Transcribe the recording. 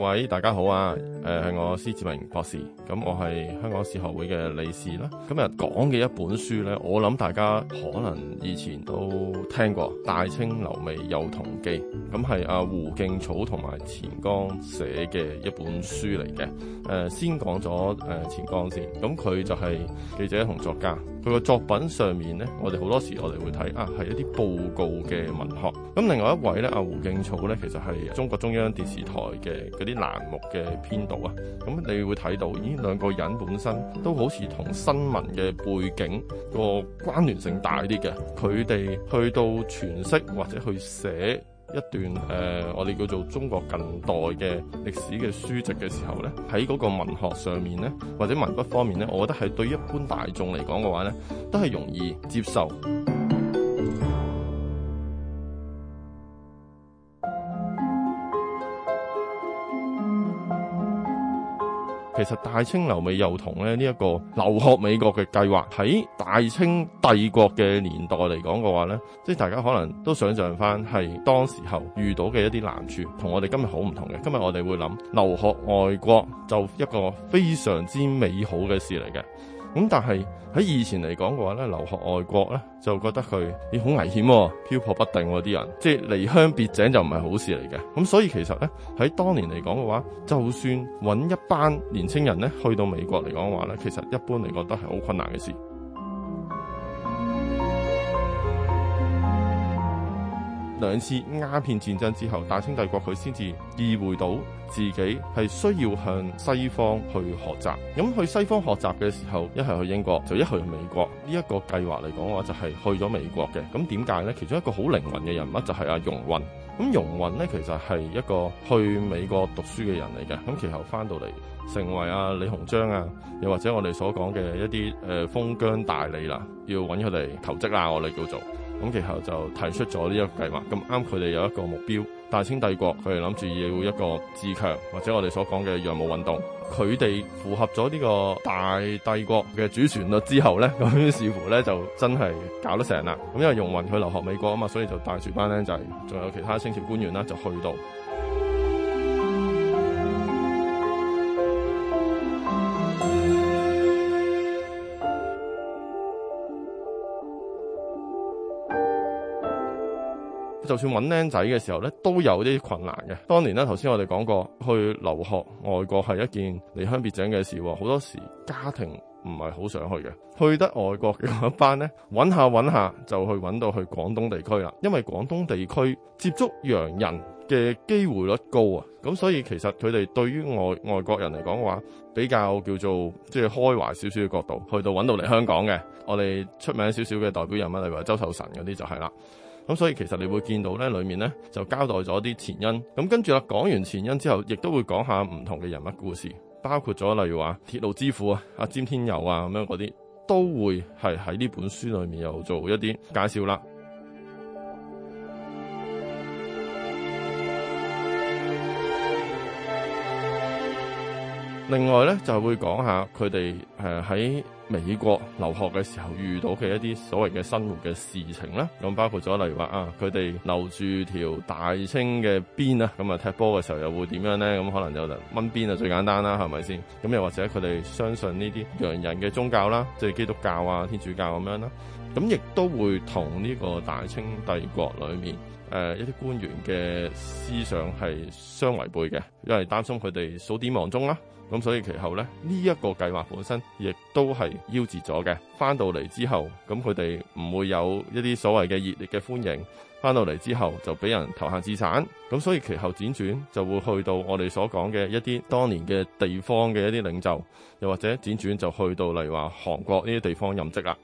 喂，大家好啊！誒係、呃、我施志明博士，咁我係香港史學會嘅理事啦。今日講嘅一本書呢，我諗大家可能以前都聽過《大清留美幼童記》，咁係阿胡勁草同埋錢鋼寫嘅一本書嚟嘅、呃。先講咗誒錢鋼先，咁佢就係記者同作家，佢個作品上面呢，我哋好多時我哋會睇啊，係一啲報告嘅文學。咁另外一位呢，阿、啊、胡勁草呢，其實係中國中央電視台嘅嗰啲欄目嘅編。度啊，咁你會睇到呢兩個人本身都好似同新聞嘅背景、個關聯性大啲嘅，佢哋去到詮釋或者去寫一段誒、呃，我哋叫做中國近代嘅歷史嘅書籍嘅時候呢，喺嗰個文學上面呢，或者文筆方面呢，我覺得係對一般大眾嚟講嘅話呢，都係容易接受。其實大清留美幼童咧，呢一個留學美國嘅計劃喺大清帝國嘅年代嚟講嘅話呢，即係大家可能都想象翻係當時候遇到嘅一啲難處，我同我哋今日好唔同嘅。今日我哋會諗留學外國就一個非常之美好嘅事嚟嘅。咁但係喺以前嚟講嘅話咧，留學外國咧就覺得佢欸，好危險啊，漂泊不定啊，嗰啲人，即係離鄉別井就唔係好事嚟嘅。咁所以其實咧喺當年嚟講嘅話，就算揾一班年輕人咧去到美國嚟講話咧，其實一般嚟講都係好困難嘅事。兩次鴉片戰爭之後，大清帝國佢先至意會到自己係需要向西方去學習。咁去西方學習嘅時候，一係去英國，就一去美國。呢、這、一個計劃嚟講嘅話，就係去咗美國嘅。咁點解呢？其中一個好靈魂嘅人物就係阿容閎。咁容閎呢，其實係一個去美國讀書嘅人嚟嘅。咁其後翻到嚟，成為阿、啊、李鴻章啊，又或者我哋所講嘅一啲誒封疆大吏啦、啊，要揾佢哋投職啦，我哋叫做。咁其後就提出咗呢一個計劃，咁啱佢哋有一個目標，大清帝國佢哋諗住要一個自強，或者我哋所講嘅洋務運動，佢哋符合咗呢個大帝國嘅主旋律之後呢，咁於是乎呢就真係搞得成啦。咁因為容雲去留學美國啊嘛，所以就帶住班呢，就係仲有其他清朝官員啦就去到。就算揾靚仔嘅時候呢，都有啲困難嘅。當年呢，頭先我哋講過，去留學外國係一件離鄉別井嘅事喎。好多時家庭唔係好想去嘅。去得外國嘅一班呢，揾下揾下就去揾到去廣東地區啦。因為廣東地區接觸洋人嘅機會率高啊，咁所以其實佢哋對於外外國人嚟講話比較叫做即係、就是、開懷少少嘅角度，去到揾到嚟香港嘅。我哋出名少少嘅代表人物，例如周壽臣嗰啲就係啦。咁所以其實你會見到咧，裏面咧就交代咗啲前因。咁跟住啦，講完前因之後，亦都會講下唔同嘅人物故事，包括咗例如話鐵路之父啊、阿詹天佑啊咁樣嗰啲，都會係喺呢本書裏面又做一啲介紹啦。另外咧就會講下佢哋誒喺美國留學嘅時候遇到嘅一啲所謂嘅生活嘅事情啦，咁包括咗例如話啊，佢哋留住條大清嘅鞭啊，咁啊踢波嘅時候又會點樣咧？咁可能有掹鞭啊，最簡單啦，係咪先？咁又或者佢哋相信呢啲洋人嘅宗教啦，即係基督教啊、天主教咁樣啦。咁亦都會同呢個大清帝國裏面誒、呃、一啲官員嘅思想係相違背嘅，因為擔心佢哋數典忘宗啦。咁所以其後呢，呢、這、一個計劃本身亦都係夭折咗嘅。翻到嚟之後，咁佢哋唔會有一啲所謂嘅熱烈嘅歡迎。翻到嚟之後就俾人投閒置散，咁所以其後輾轉就會去到我哋所講嘅一啲當年嘅地方嘅一啲領袖，又或者輾轉就去到例如話韓國呢啲地方任職啦。